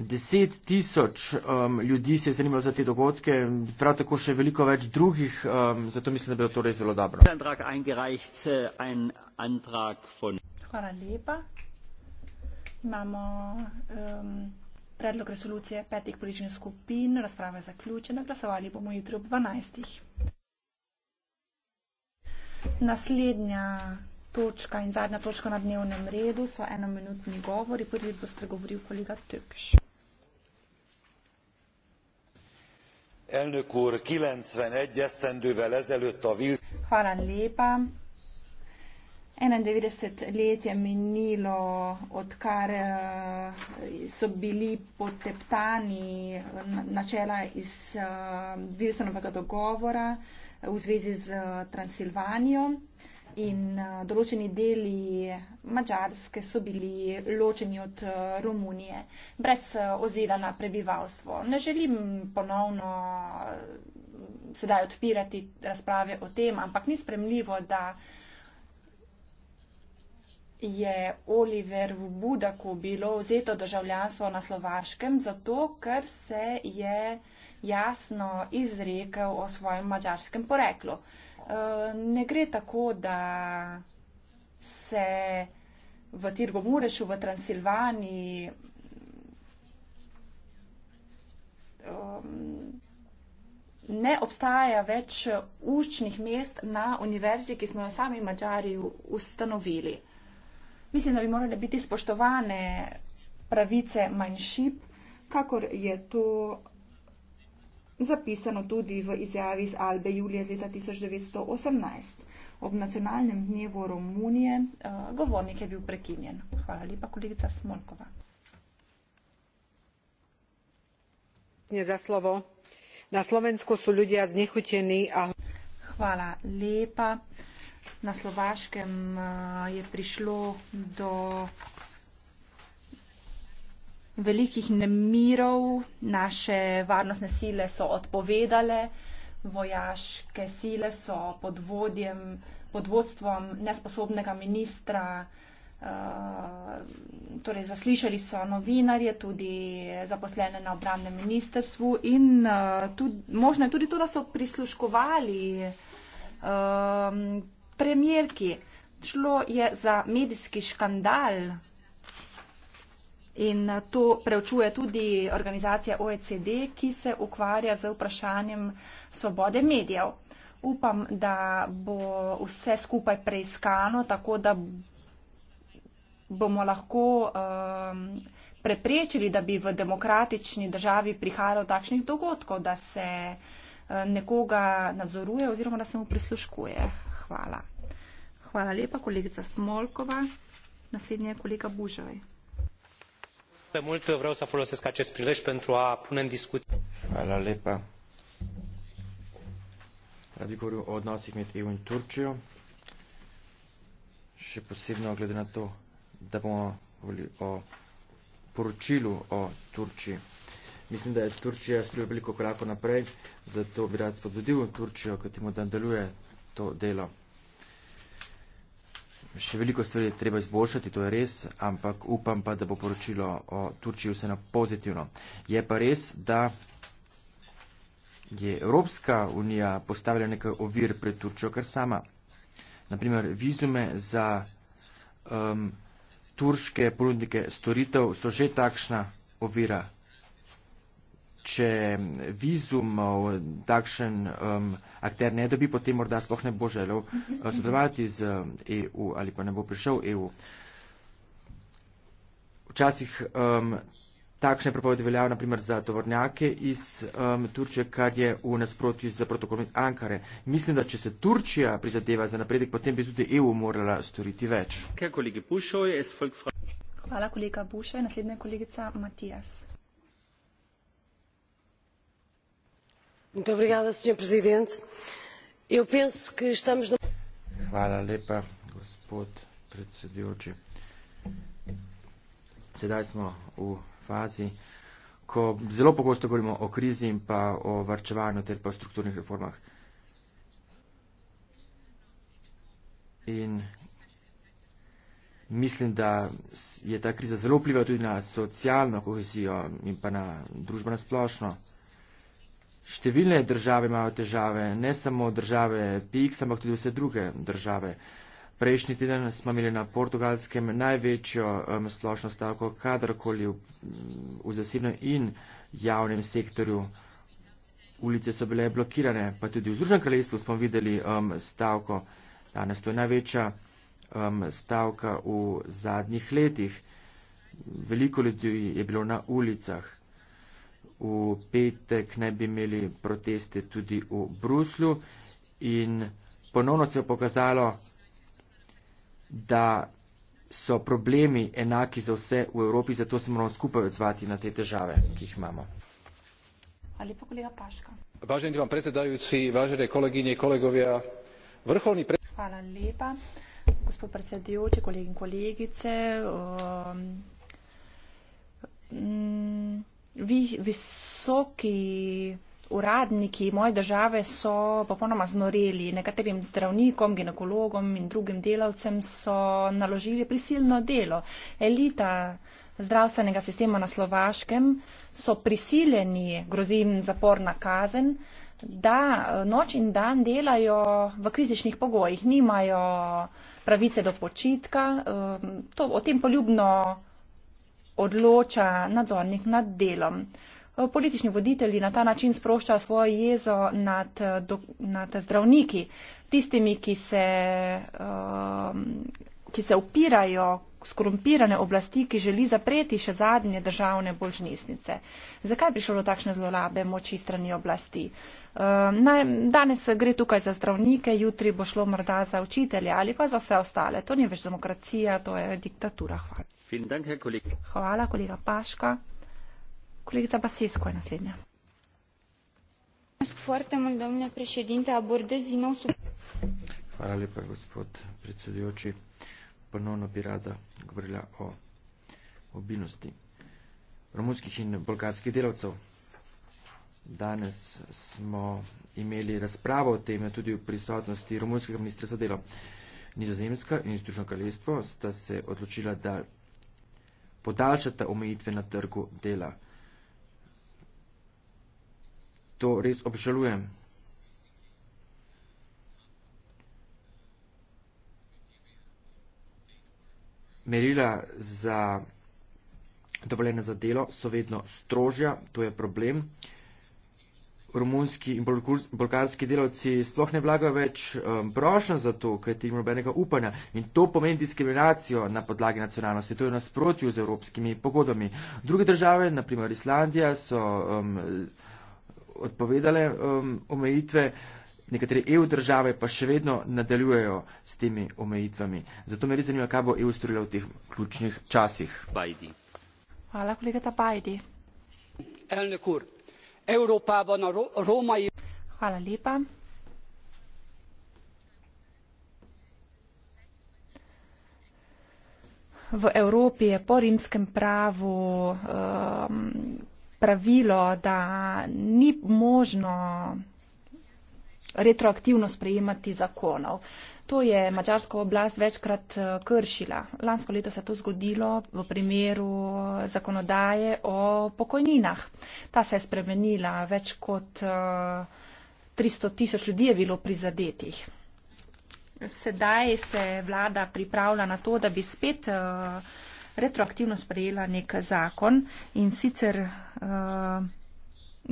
10 tisoč um, ljudi se je zanimalo za te dogodke, prav tako še veliko več drugih, um, zato mislim, da bi bilo to res zelo dobro. Äh, Hvala lepa. Imamo um, predlog resolucije petih političnih skupin, razprava je zaključena, glasovali bomo jutri ob 12. Naslednja točka in zadnja točka na dnevnem redu so enominutni govori. Prvi bo spregovoril kolega Tökš. Elnök úr, 91 esztendővel ezelőtt a vil... Hvala lepa. 91 let je minilo, odkar eh, so bili poteptani eh, načela iz eh, Wilsonovega dogovora v zvezi z Transilvanijo in eh, določeni deli Mačarske so bili ločeni od eh, Romunije, brez eh, ozira na prebivalstvo. Ne želim ponovno sedaj odpirati razprave o tem, ampak ni spremljivo, da je Oliver v Budaku bilo vzeto državljanstvo na Slovaškem, zato ker se je jasno izrekel o svojem mačarskem poreklu. Uh, Eh, ne gre tako, da se v Tirgomurešu, v Transilvaniji ehm, ne obstaja več učnih mest na univerzi, ki smo jo sami Mačari ustanovili. Mislim, da bi morali biti spoštovane pravice manjšip, kakor je to zapisano tudi v izjavi iz Albe Julije iz leta 1918. Ob nacionalnem dnevu Romunije eh, govornik je bil prekinjen. Hvala lepa, kolegica Smolkova. Za slovo. Na Slovensku so ljudje znehutjeni. A... Hvala lepa. Na Slovaškem eh, je prišlo do velikih nemirov, naše varnostne sile so odpovedale, vojaške sile so pod, vodjem, pod vodstvom nesposobnega ministra. Uh, torej zaslišali so novinarje, tudi zaposlene na obramnem ministrstvu in uh, tudi, možno je tudi to, da so prisluškovali uh, premjerki. Šlo je za medijski škandal, In eh, to preučuje tudi organizacija OECD, ki se ukvarja z vprašanjem svobode medijev. Upam, da bo vse skupaj preiskano, tako da bomo lahko um, preprečili, da bi v demokratični državi prihajalo takšnih dogodkov, da se eh, nekoga nadzoruje oziroma da se mu prisluškuje. Hvala. Hvala lepa, kolegica Smolkova. Naslednji je kolega Bužaj pe mult vreau să folosesc acest prilej pentru a pune în discuție. Hvala lepa. Radi govorim o odnosih med EU in Turčijo. Še posebno glede na to, da bomo govorili o poročilu o Turčiji. Mislim, da je Turčija stvorila veliko korakov naprej, zato bi rad spodbudil Turčijo, ki mu da nadaljuje to delo. Še veliko stvari je treba izboljšati, to je res, ampak upam pa, da bo poročilo o Turčiji vseeno pozitivno. Je pa res, da je Evropska unija postavila nekaj ovir pred Turčijo, kar sama. Naprimer, vizume za um, turške ponudnike storitev so že takšna ovira če vizumov takšen um, akter ne dobi, potem morda sploh ne bo želel uh, sodelovati z um, EU ali pa ne bo prišel EU. Včasih um, takšne prepovedi veljajo naprimer za tovornjake iz um, Turčije, kar je v nasprotju z protokolom iz Ankare. Mislim, da če se Turčija prizadeva za napredek, potem bi tudi EU morala storiti več. Hvala, kolega Bušo. Naslednja kolegica Matijas. No- gospod predsednik mislim da smo danes slišali veliko stvari o krizi in pa o varčevanju ter pa o strukturnih reformah. Jaz bi pa vendar še enkrat poudaril, da je treba tudi pri tem In mislim, da je ta kriza zelo vplivala tudi na socialno kohezijo in pa na družbeno splošno. Številne države imajo težave, ne samo države PIX, ampak tudi vse druge države. Prejšnji teden smo imeli na portugalskem največjo um, splošno stavko, kadarkoli v, v zasebnem in javnem sektorju. Ulice so bile blokirane, pa tudi v Združenem kraljestvu smo videli um, stavko. Danes to je največja um, stavka v zadnjih letih. Veliko ljudi je bilo na ulicah v petek naj bi imeli proteste tudi v Bruslju in ponovno se je pokazalo, da so problemi enaki za vse v Evropi, zato se moramo skupaj odzvati na te težave, ki jih imamo. Ali pa kolega Paška. Vážený vám predsedajúci, vážené kolegyne, kolegovia, vrcholný pred... Hvala lepa, gospod predsedajúci, kolegy in kolegice. Um, mm, vi, visoki uradniki moje države so popolnoma znoreli. Nekaterim zdravnikom, ginekologom in drugim delavcem so naložili prisilno delo. Elita zdravstvenega sistema na Slovaškem so prisiljeni, grozim zapor na kazen, da eh, noč in dan delajo v kritičnih pogojih, nimajo pravice do počitka. Eh, to, o tem poljubno odloča nadzornik nad delom. Eh, politični voditelji na ta način sproščajo svojo jezo nad, eh, do, nad zdravniki, tistimi, ki se, um, ki se upirajo skorumpirane oblasti, ki želi zapreti še zadnje državne božnisnice. Zakaj je prišlo do takšne zlorabe moči strani oblasti? Uh, Ehm, naj, danes gre tukaj za zdravnike, jutri bo šlo morda za učitelje ali pa za vse ostale. To ni več demokracija, to je diktatura. Hvala. Dank, kolega. Hvala, kolega Paška. Kolegica Basisko je naslednja. Hvala lepa, gospod predsedujoči. Ponovno bi rada govorila o mobilnosti romunskih in bolgarskih delavcev. Danes smo imeli razpravo o tem tudi v prisotnosti romunskega ministra za delo. Nizozemska in Združeno kraljestvo sta se odločila, da podaljšata omejitve na trgu dela. To res obžalujem. Merila za dovoljene za delo so vedno strožja, to je problem romunski in bolgarski delavci sploh ne vlagajo več um, prošnja za to, ker ti ima nobenega upanja in to pomeni diskriminacijo na podlagi nacionalnosti, to je nasprotju z evropskimi pogodami. Druge države, naprimer Islandija, so um, odpovedale um, omejitve, nekatere EU države pa še vedno nadaljujejo s temi omejitvami. Zato me res zanima, kaj bo EU storila v teh ključnih časih. Bajdi. Hvala, kolega Tabajdi európában a római. v európi je po rímskem právu um, pravilo da ni možno retroaktivno sprejemati zakonov to je mačarsko oblast večkrat eh, kršila. Lansko leto se je to zgodilo v primeru eh, zakonodaje o pokojninah. Ta se je spremenila, več kot 300 eh, tisoč ljudi je bilo prizadetih. Sedaj se vlada pripravlja na to, da bi spet retroaktivno sprejela nek zakon in sicer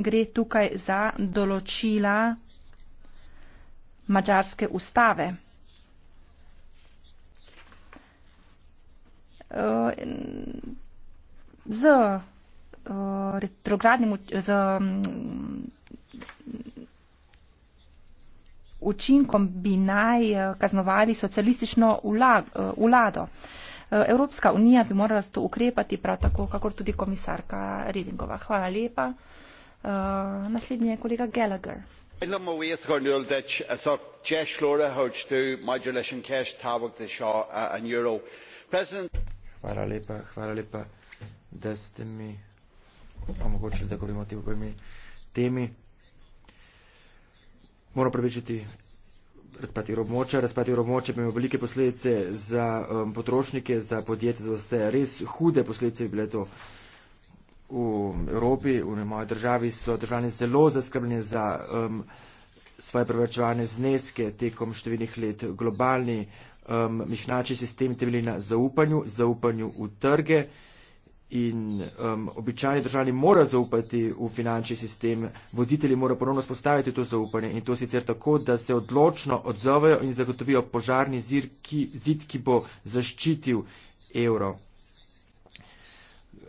gre tukaj za določila mađarske ustave. Eh, z eh, retrogradnim, z mm, učinkom bi naj eh, kaznovali socialistično vlado. Evropska unija bi morala to ukrepati, prav tako, kakor tudi komisarka Redingova. Hvala lepa. Naslednji je kolega Gallagher. President... Hvala lepa, hvala lepa, da ste mi omogočili, da govorimo o tem temi. Moram prepričati razpati robmoča. Razpati robmoča bi imel velike posledice za um, potrošnike, za podjetje, za vse. Res hude posledice bi bile to. V Evropi, v moji državi so državljani zelo zaskrbljeni za um, svoje prevečevane zneske tekom številnih let. Globalni uh, um, mišnači sistemi temeljili na zaupanju, zaupanju v trge in um, običajni državljani morajo zaupati v finančni sistem, voditelji morajo ponovno spostaviti to zaupanje in to sicer tako, da se odločno odzovejo in zagotovijo požarni zir, ki, zid, ki bo zaščitil evro.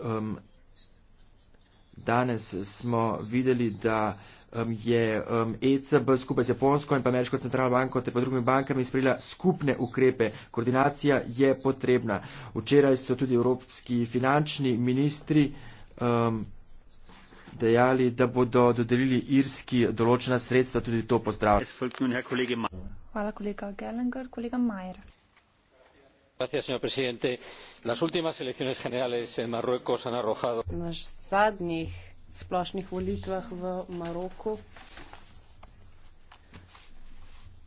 Um, danes smo videli, da je ECB e skupaj z Japonsko in pa Ameriško centralno banko ter pa drugimi bankami sprejela skupne ukrepe. Koordinacija je potrebna. Včeraj so tudi evropski finančni ministri um, dejali, da bodo dodelili irski določena sredstva, tudi to pozdravljam. Hvala, kolega Gellinger. Kolega Majer. Na zadnjih splošnih volitvah v Maroku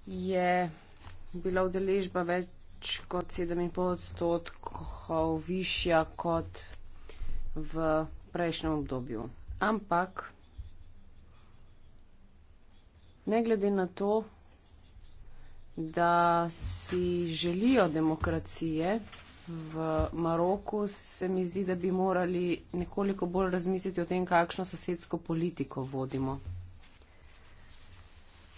je bila udeležba več kot 7,5 odstotkov višja kot v prejšnjem obdobju. Ampak ne glede na to, da si želijo demokracije, v Maroku, se mi zdi, da bi morali nekoliko bolj razmisliti o tem, kakšno sosedsko politiko vodimo.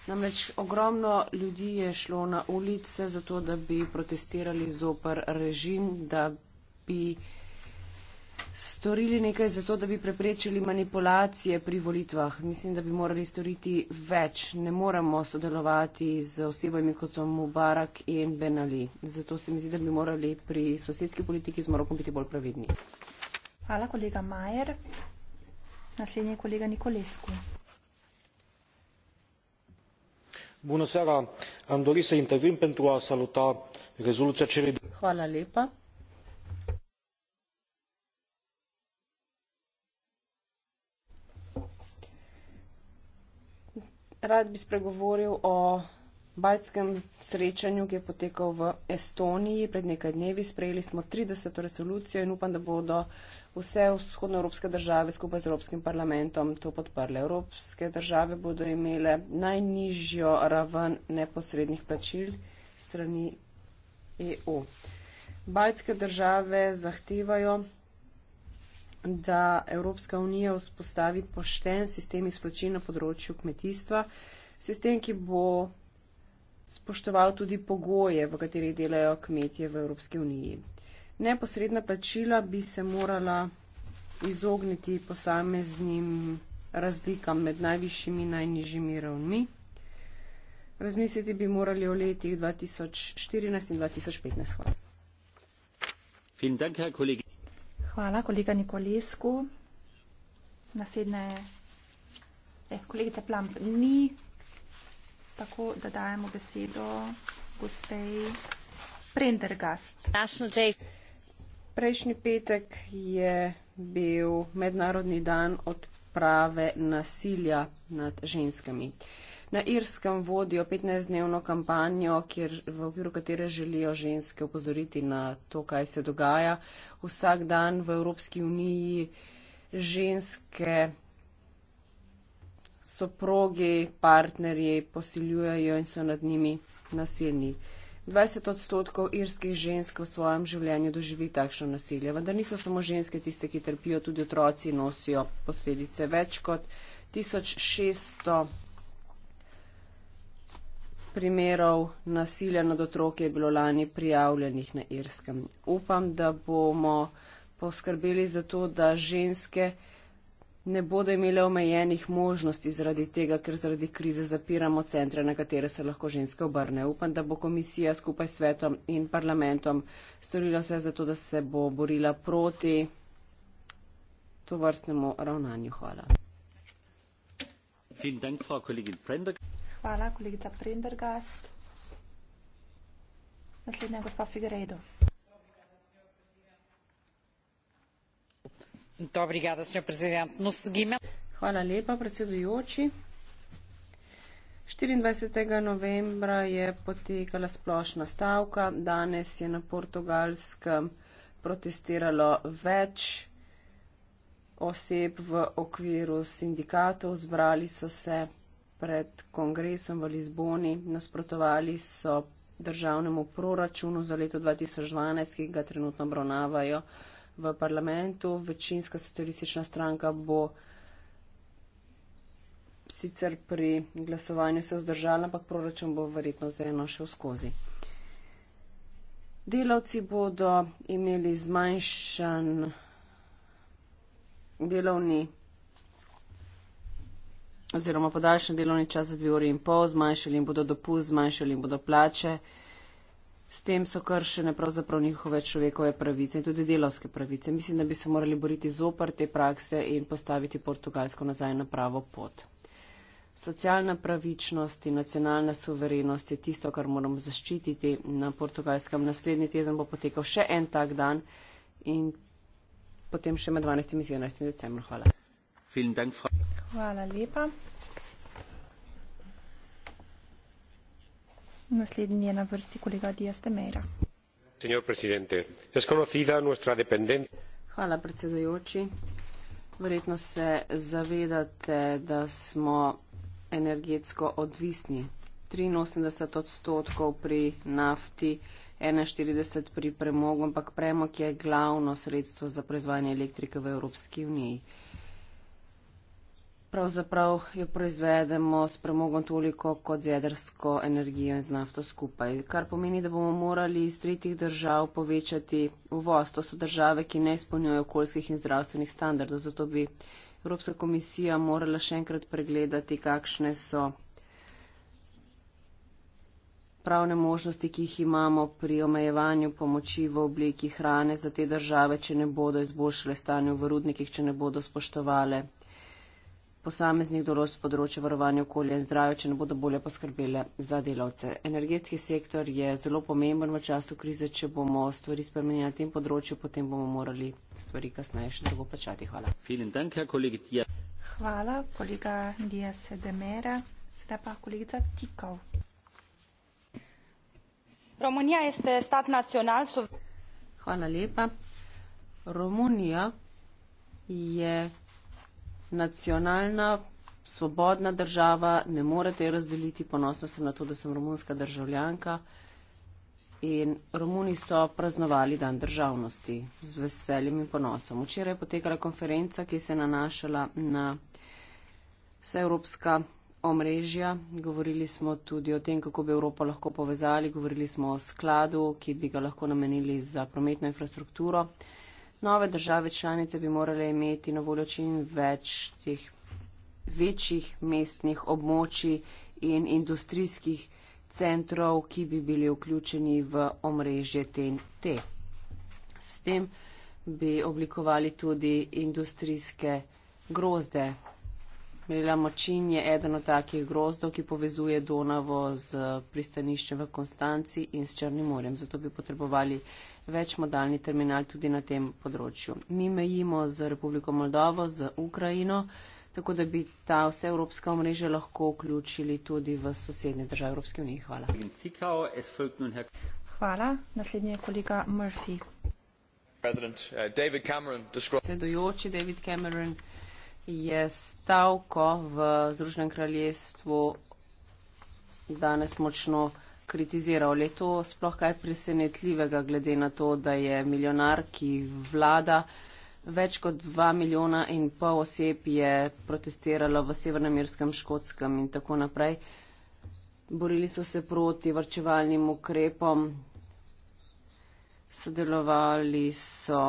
Namreč ogromno ljudi je šlo na ulice zato, da bi protestirali zoper režim, da bi storili nekaj za to, da bi preprečili manipulacije pri volitvah. Mislim, da bi morali storiti več. Ne moramo sodelovati z osebami, kot so Mubarak in Benali. Zato se mi zdi, da bi morali pri sosedski politiki z Morokom biti bolj previdni. Hvala, kolega Majer. Naslednji je kolega Nikolesku. Hvala lepa. rad bi spregovoril o bajtskem srečanju, ki je potekal v Estoniji pred nekaj dnevi. Sprejeli smo 30. resolucijo in upam, da bodo vse vzhodnoevropske države skupaj z Evropskim parlamentom to podprle. Evropske države bodo imele najnižjo raven neposrednih plačil strani EU. Baljske države zahtevajo da Evropska unija vzpostavi pošten sistem izplačil na področju kmetijstva, sistem, ki bo spoštoval tudi pogoje, v katerih delajo kmetije v Evropski uniji. Neposredna plačila bi se morala izogniti posameznim razlikam med najvišjimi in najnižjimi ravni. Razmisliti bi morali o letih 2014 in 2015. Hvala. Hvala, kolega Nikolesku. Naslednja je eh, kolegica Plamp. Ni tako, da dajemo besedo gospej Prendergast. Prejšnji petek je bil mednarodni dan odprave nasilja nad ženskami. Uh, na Irskem vodijo 15-dnevno kampanjo, kjer, v okviru katere želijo ženske upozoriti na to, kaj se dogaja. Vsak dan v Evropski uniji ženske soprogi, partnerji posiljujejo in so nad njimi nasilni. 20 odstotkov irskih žensk v svojem življenju doživi takšno nasilje, vendar niso samo ženske tiste, ki trpijo, tudi otroci nosijo posledice. Več kot 1600 primerov nasilja nad otroki je bilo lani prijavljenih na Irskem. Upam, da bomo poskrbeli za to, da ženske ne bodo imele omejenih možnosti zaradi tega, ker zaradi krize zapiramo centre, na katere se lahko ženske obrne. Upam, da bo komisija skupaj s svetom in parlamentom storila vse za to, da se bo borila proti to vrstnemu ravnanju. Hvala. Hvala, kolegica Prendergast. Naslednja je gospa Figueredo. Dobri ga, da smo prezident Nusgime. No Hvala lepa, predsedujoči. 24. novembra je potekala splošna stavka, danes je na portugalskem protestiralo več oseb v okviru sindikatov, zbrali so se pred kongresom v Lizboni, nasprotovali so državnemu proračunu za leto 2012, ki ga trenutno obravnavajo v parlamentu. Večinska socialistična stranka bo sicer pri glasovanju se vzdržala, ampak proračun bo verjetno vzeno še skozi. Delavci bodo imeli zmanjšan delovni oziroma podaljšan delovni čas za dve uri in pol, zmanjšali jim bodo dopust, zmanjšali jim bodo plače. S tem so kršene pravzaprav njihove človekove pravice in tudi delovske pravice. Mislim, da bi se morali boriti zopr te prakse in postaviti Portugalsko nazaj na pravo pot. Socialna pravičnost in nacionalna suverenost je tisto, kar moramo zaščititi na portugalskem. Naslednji teden bo potekal še en tak dan in potem še med 12. in 17. decembrom. Hvala. Hvala lepa. Naslednji je na vrsti kolega Dias de Meira. Señor presidente, es conocida nuestra dependencia. Hvala predsedujoči. Verjetno se zavedate, da smo energetsko odvisni. 83 odstotkov pri nafti, 41 pri premogu, ampak premog je glavno sredstvo za proizvajanje elektrike v Evropski uniji. Uh, Pravzaprav jo proizvedemo s premogom toliko kot z jedrsko energijo in z nafto skupaj, kar pomeni, da bomo morali iz tretjih držav povečati uvoz. To so države, ki ne izpolnjujo okoljskih in zdravstvenih standardov. Zato bi Evropska komisija morala še enkrat pregledati, kakšne so pravne možnosti, ki jih imamo pri omejevanju pomoči v obliki hrane za te države, če ne bodo izboljšale stanje v rudnikih, če ne bodo spoštovale posameznih določb z področja varovanja okolja in zdravja, če ne bodo bolje poskrbele za delavce. Energetski sektor je zelo pomemben v času krize, če bomo stvari spremenili na tem področju, potem bomo morali stvari kasneje še drugo plačati. Hvala. Hvala, kolega Dias Demera. Sedaj pa kolegica Tikov. Romunija je stat nacional. Hvala lepa. Romunija je nacionalna, svobodna država, ne morete jo razdeliti, ponosna sem na to, da sem romunska državljanka. In Romuni so praznovali dan državnosti z veseljem in ponosom. Včeraj je potekala konferenca, ki se je nanašala na vse evropska omrežja. Govorili smo tudi o tem, kako bi Evropo lahko povezali, govorili smo o skladu, ki bi ga lahko namenili za prometno infrastrukturo nove države članice bi morale imeti na voljo čim več teh večjih mestnih območij in industrijskih centrov, ki bi bili vključeni v omrežje TNT. S tem bi oblikovali tudi industrijske grozde. Mila Močin je eden od takih grozdov, ki povezuje Donavo z pristaniščem v Konstanci in s Črnim morjem. Zato bi potrebovali večmodalni terminal tudi na tem področju. Mi mejimo z Republiko Moldovo, z Ukrajino, tako da bi ta vse evropska omrežja lahko vključili tudi v sosednje države Evropske unije. Hvala. Hvala. Naslednji je kolega Murphy. Uh, Predsedujoči David Cameron je stavko v Združenem kraljestvu danes močno kritiziral. Je to sploh kaj presenetljivega, glede na to, da je milijonar, ki vlada več kot dva milijona in pol oseb je protestiralo v Severnamerskem, Škotskem in tako naprej. Borili so se proti vrčevalnim ukrepom, sodelovali so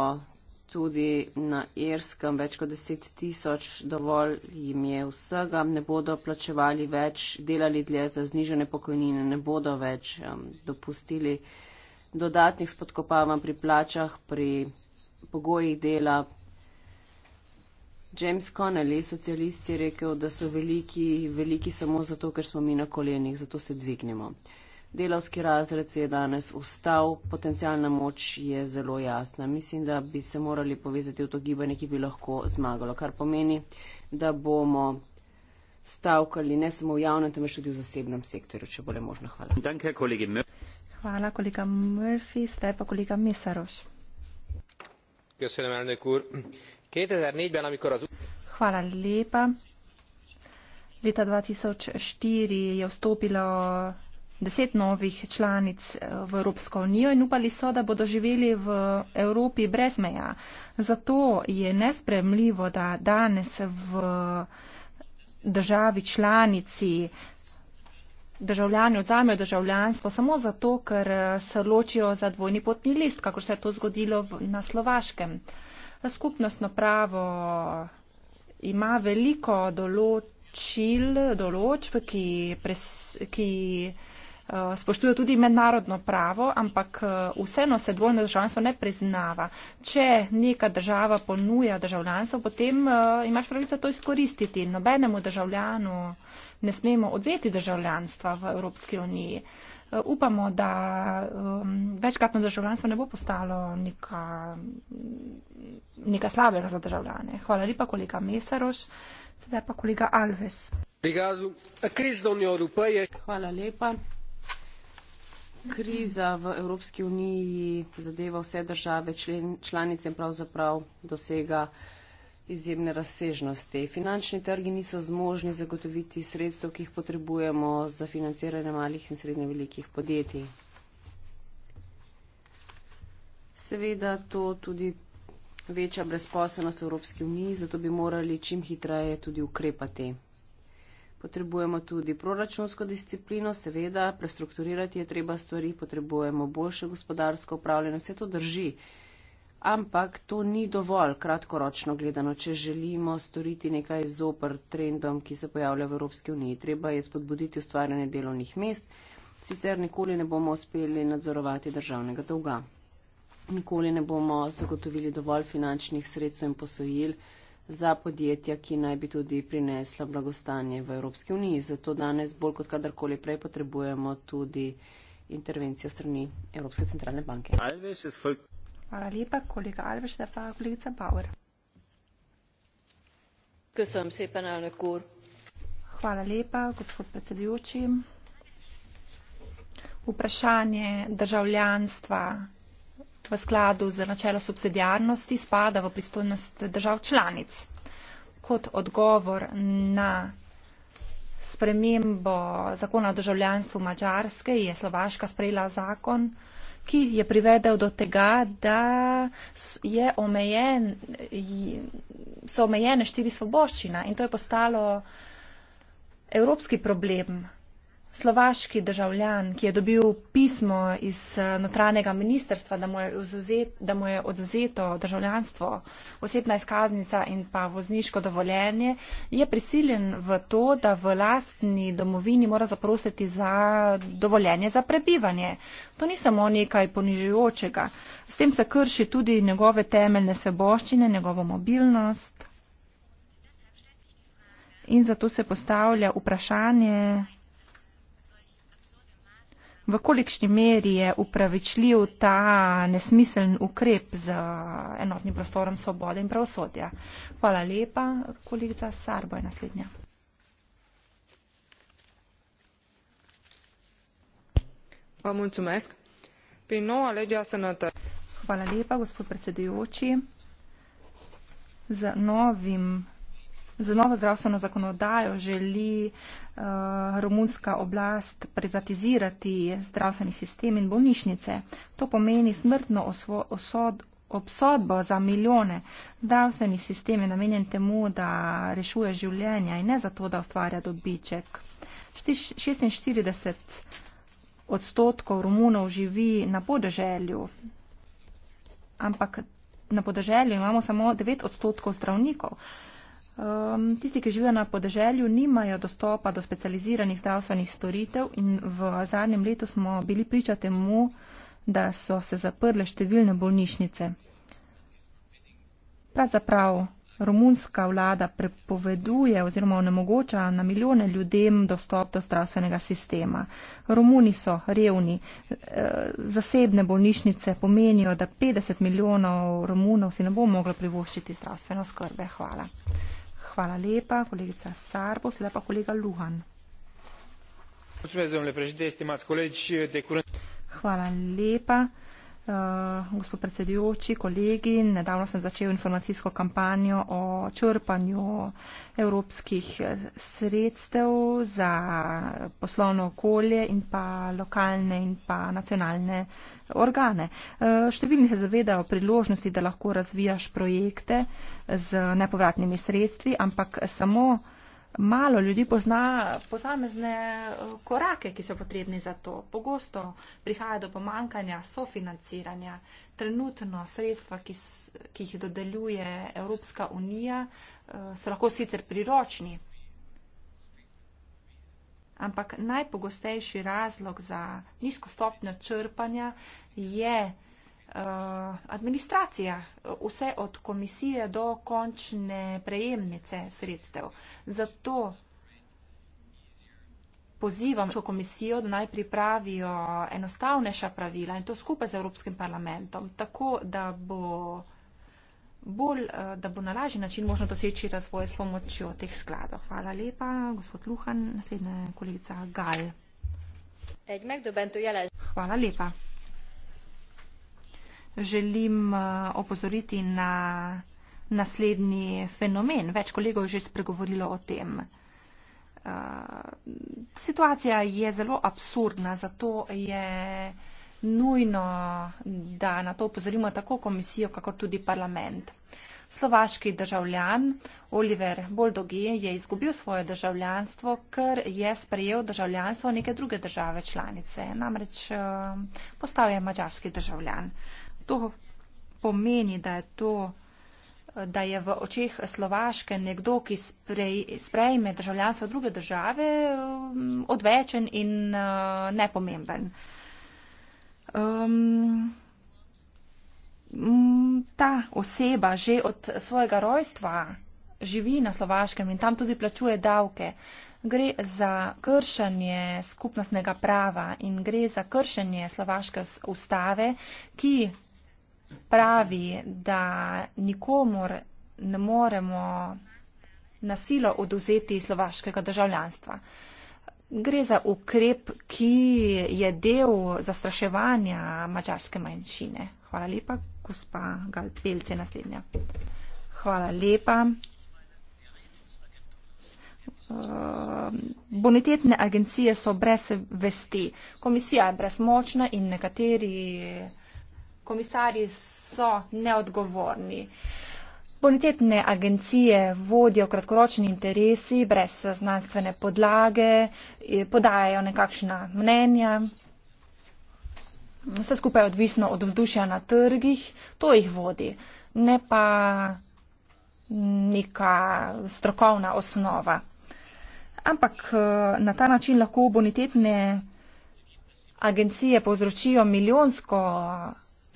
tudi na Irskem več kot deset tisoč, dovolj jim je vsega, ne bodo plačevali več, delali dlje za znižene pokojnine, ne bodo več um, dopustili dodatnih spodkopavanj pri plačah, pri pogojih dela. James Connelly, socialist, je rekel, da so veliki, veliki samo zato, ker smo mi na kolenih, zato se dvignemo delavski razred se je danes ustal, potencijalna moč je zelo jasna. Mislim, da bi se morali povezati v to gibanje, ki bi lahko zmagalo, kar pomeni, da bomo stavkali ne samo v javnem, temveč tudi v zasebnem sektorju, če bo le možno. Hvala. Danke, Hvala, kolega Murphy, zdaj pa kolega Misaroš. Hvala lepa. Leta 2004 je vstopilo deset novih članic eh, v Evropsko unijo in upali so, da bodo živeli v Evropi brez meja. Zato je nespremljivo, da danes v državi članici državljani odzamejo državljanstvo samo zato, ker eh, se ločijo za dvojni potni list, kako se je to zgodilo na Slovaškem. Skupnostno pravo ima veliko določil, določb, ki, pres, ki Eh, spoštujejo tudi mednarodno pravo, ampak eh, vseeno se dvojno državljanstvo ne priznava. Če neka država ponuja državljanstvo, potem eh, imaš pravico to izkoristiti. Nobenemu državljanu ne smemo odzeti državljanstva v Evropski uniji. Upamo, da um, večkratno državljanstvo ne bo postalo nekaj slabega za državljane. Hvala lepa, kolega Mesaroš. Sedaj pa kolega Alves. Hvala lepa kriza v Evropski uniji zadeva vse države člen, članice in pravzaprav dosega izjemne razsežnosti. Finančni trgi niso zmožni zagotoviti sredstev, ki jih potrebujemo za financiranje malih in srednje velikih podjetij. Seveda to tudi večja brezposobnost v Evropski uniji, zato bi morali čim hitreje tudi ukrepati potrebujemo tudi proračunsko disciplino, seveda, prestrukturirati je treba stvari, potrebujemo boljše gospodarsko upravljanje, vse to drži. Ampak to ni dovolj kratkoročno gledano, če želimo storiti nekaj zopr trendom, ki se pojavlja v Evropski uniji. Treba je spodbuditi ustvarjanje delovnih mest, sicer nikoli ne bomo uspeli nadzorovati državnega dolga. Nikoli ne bomo zagotovili dovolj finančnih sredstev in posojil za podjetja, ki naj bi tudi prinesla blagostanje v Evropski uniji. Zato danes bolj kot kadarkoli prej potrebujemo tudi intervencijo strani Evropske centralne banke. Hvala lepa, kolega Alves, da pa kolegica Bauer. Köszönöm szépen, elnök úr. Hvala lepa, gospod predsedujoči. Vprašanje državljanstva v skladu z načelo subsidijarnosti spada v pristojnost držav članic. Kot odgovor na spremembo zakona o državljanstvu Mačarske je Slovaška sprejela zakon, ki je privedel do tega, da je omejen, so omejene štiri svoboščina in to je postalo evropski problem slovaški državljan, ki je dobil pismo iz eh, notranjega ministerstva, da mu je, vzuzet, da mu je odvzeto državljanstvo, osebna izkaznica in pa vozniško dovoljenje, je prisiljen v to, da v lastni domovini mora zaprositi za dovoljenje za prebivanje. To ni samo nekaj ponižujočega. S tem se krši tudi njegove temeljne sveboščine, njegovo mobilnost. In zato se postavlja vprašanje, v kolikšni meri je upravičljiv ta nesmiseln ukrep z enotnim prostorom svobode in pravosodja. Hvala lepa, kolegica Sarbo je naslednja. Hvala lepa, gospod predsedujoči. Z novim Z novo zdravstveno zakonodajo želi uh, romunska oblast privatizirati zdravstveni sistem in bolnišnice. To pomeni smrtno osod, obsodbo za milijone. Zdravstveni sistem je namenjen temu, da rešuje življenja in ne zato, da ustvarja dobiček. 46 odstotkov Romunov živi na podeželju, ampak na podeželju imamo samo 9 odstotkov zdravnikov. Um, tisti, ki živijo na podeželju, nimajo dostopa do specializiranih zdravstvenih storitev in v zadnjem letu smo bili priča temu, da so se zaprle številne bolnišnice. Pravzaprav romunska vlada prepoveduje oziroma onemogoča na milijone ljudem dostop do zdravstvenega sistema. Romuni so revni. E, zasebne bolnišnice pomenijo, da 50 milijonov Romunov si ne bo moglo privoščiti zdravstveno skrbe. Hvala. Hvala lepa, kolegica Sarbo, sedaj pa kolega Luhan. Hvala lepa. Uh, gospod predsedujoči, kolegi, nedavno sem začel informacijsko kampanjo o črpanju evropskih eh, sredstev za poslovno okolje in pa lokalne in pa nacionalne organe. Uh, številni se zavedajo priložnosti, da lahko razvijaš projekte z nepovratnimi sredstvi, ampak samo uh, Malo ljudi pozna posamezne eh, korake, ki so potrebni za to. Pogosto prihaja do pomankanja sofinanciranja. Trenutno sredstva, ki, ki jih dodeljuje Evropska unija, eh, so lahko sicer priročni. Ampak najpogostejši razlog za nizko stopnjo črpanja je Eh, administracija, vse od komisije do končne prejemnice sredstev. Zato pozivam so komisijo, da naj pripravijo enostavnejša pravila in to skupaj z Evropskim parlamentom, tako da bo, bolj, eh, da bo na lažji način možno doseči razvoj s pomočjo teh skladov. Hvala lepa, gospod Luhan, naslednja kolegica Gal. Hvala lepa želim eh, opozoriti na naslednji fenomen. Več kolegov je že spregovorilo o tem. Eh, situacija je zelo absurdna, zato je nujno, da na to upozorimo tako komisijo, kakor tudi parlament. Slovaški državljan Oliver Boldogi je izgubil svoje državljanstvo, ker je sprejel državljanstvo neke druge države članice, namreč eh, postal je mačarski državljan to pomeni, da je to da je v očeh Slovaške nekdo, ki sprej, sprejme državljanstvo druge države, um, odvečen in uh, nepomemben. Um, ta oseba že od svojega rojstva živi na Slovaškem in tam tudi plačuje davke. Gre za kršanje skupnostnega prava in gre za kršanje slovaške ustave, ki pravi, da nikomor ne moremo nasilo oduzeti slovaškega državljanstva. Gre za ukrep, ki je del zastraševanja mačarske manjšine. Hvala lepa, gospa Galpelce, naslednja. Hvala lepa. Ehm, bonitetne agencije so brez vesti. Komisija je brezmočna in nekateri komisarji so neodgovorni. Bonitetne agencije vodijo kratkoročni interesi brez znanstvene podlage, podajajo nekakšna mnenja. Vse skupaj je odvisno od vzdušja na trgih, to jih vodi, ne pa neka strokovna osnova. Ampak eh, na ta način lahko bonitetne agencije povzročijo milijonsko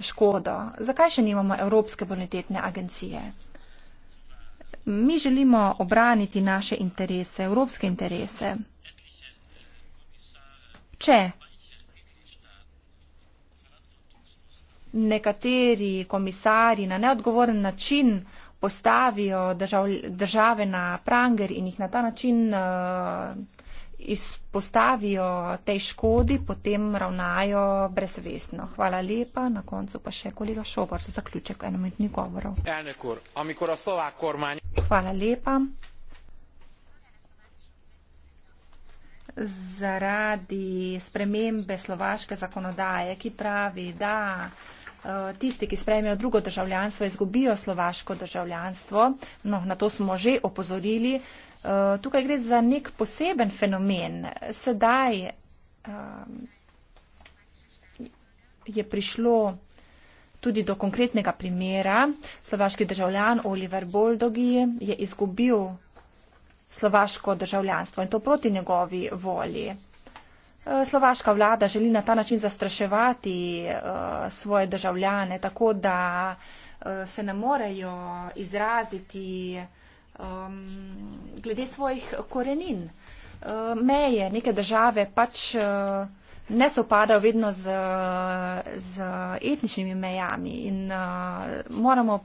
škodo, zakaj še nimamo Evropske bonitetne agencije? Mi želimo obraniti naše interese, evropske interese. Če nekateri komisari na neodgovoren način postavijo držav, države na pranger in jih na ta način uh, izpostavijo tej škodi, potem ravnajo brezvestno. Hvala lepa. Na koncu pa še kolega Šobar za zaključek enomitnih govorov. Hvala lepa. Zaradi spremembe slovaške zakonodaje, ki pravi, da eh, tisti, ki spremijo drugo državljanstvo, izgubijo slovaško državljanstvo, no, na to smo že opozorili, Eh, tukaj gre za nek poseben fenomen. Sedaj um, je prišlo tudi do konkretnega primera. Slovaški državljan Oliver Boldogi je izgubil slovaško državljanstvo in to proti njegovi volji. Eh, slovaška vlada želi na ta način zastraševati uh, svoje državljane, tako da uh, se ne morejo izraziti uh, um, glede svojih korenin. Uh, meje neke države pač uh, ne sopadajo vedno z, z etničnimi mejami in uh, moramo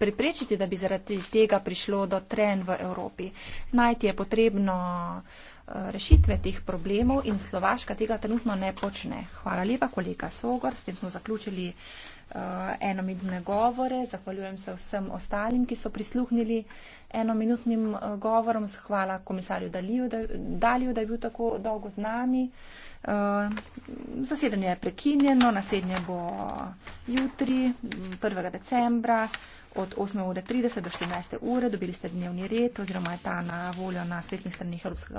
preprečiti, da bi zaradi tega prišlo do trenj v Evropi. Najti je potrebno uh, rešitve teh problemov in Slovaška tega trenutno ne počne. Hvala lepa, kolega Sogor. S tem smo zaključili uh, uh, enominutne govore. Zahvaljujem se vsem ostalim, ki so prisluhnili enominutnim uh, govorom. Hvala komisarju Daliju, da, Daliju, da je bil tako dolgo z nami. Uh, zasedanje je prekinjeno, naslednje bo jutri, 1. decembra od 8.30 do 14.00 ure. Dobili ste dnevni red oziroma je ta na voljo na svetnih stranih Evropskega.